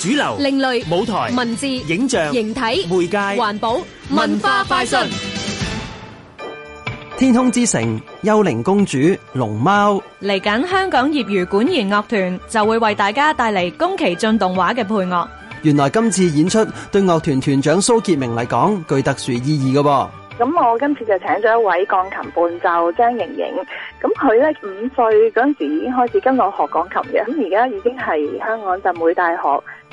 主流、另類舞台、文字、影像、形體、媒介、環保、文化快訊。天空之城、幽靈公主、龍貓。嚟緊香港業餘管弦樂團就會為大家帶嚟宮崎駿動畫嘅配樂。原來今次演出對樂團團長蘇杰明嚟講具特殊意義嘅。咁我今次就請咗一位鋼琴伴奏張瑩瑩，咁佢咧五歲嗰陣時已經開始跟我學鋼琴嘅，咁而家已經係香港浸會大學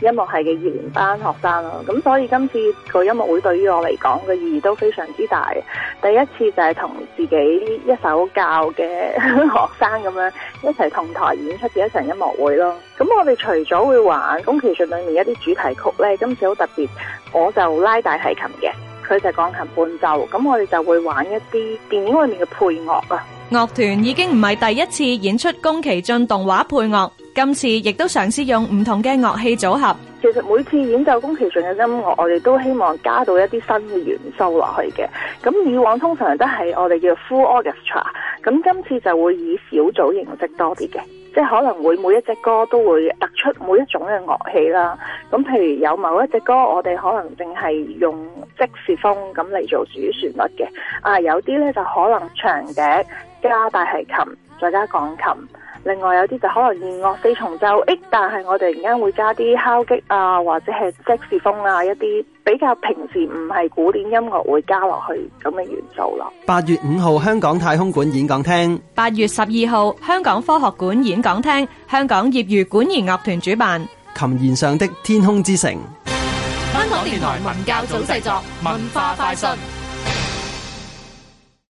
音樂系嘅二年班學生啦。咁所以今次個音樂會對於我嚟講嘅意義都非常之大，第一次就係同自己一手教嘅學生咁樣一齊同台演出嘅一場音樂會咯。咁我哋除咗會玩《宮崎駿》裏面一啲主題曲咧，今次好特別，我就拉大提琴嘅。佢就鋼琴伴奏，咁我哋就會玩一啲電影裏面嘅配樂啊。樂團已經唔係第一次演出宮崎駿動畫配樂，今次亦都嘗試用唔同嘅樂器組合。其實每次演奏宮崎駿嘅音樂，我哋都希望加到一啲新嘅元素落去嘅。咁以往通常都係我哋叫 full orchestra，咁今次就會以小組形式多啲嘅。即係可能會每一隻歌都會突出每一種嘅樂器啦。咁譬如有某一隻歌，我哋可能淨係用色士風咁嚟做主旋律嘅。啊，有啲呢就可能長笛加大提琴再加鋼琴。另外有啲就可能弦樂四重奏，但係我哋而家會加啲敲擊啊，或者係爵士風啊一啲比較平時唔係古典音樂會加落去咁嘅元素咯。八月五號香港太空館演講廳，八月十二號香港科學館演講廳，香港業餘管弦樂團主辦《琴弦上的天空之城》。香港電台文教組製作，文化快訊。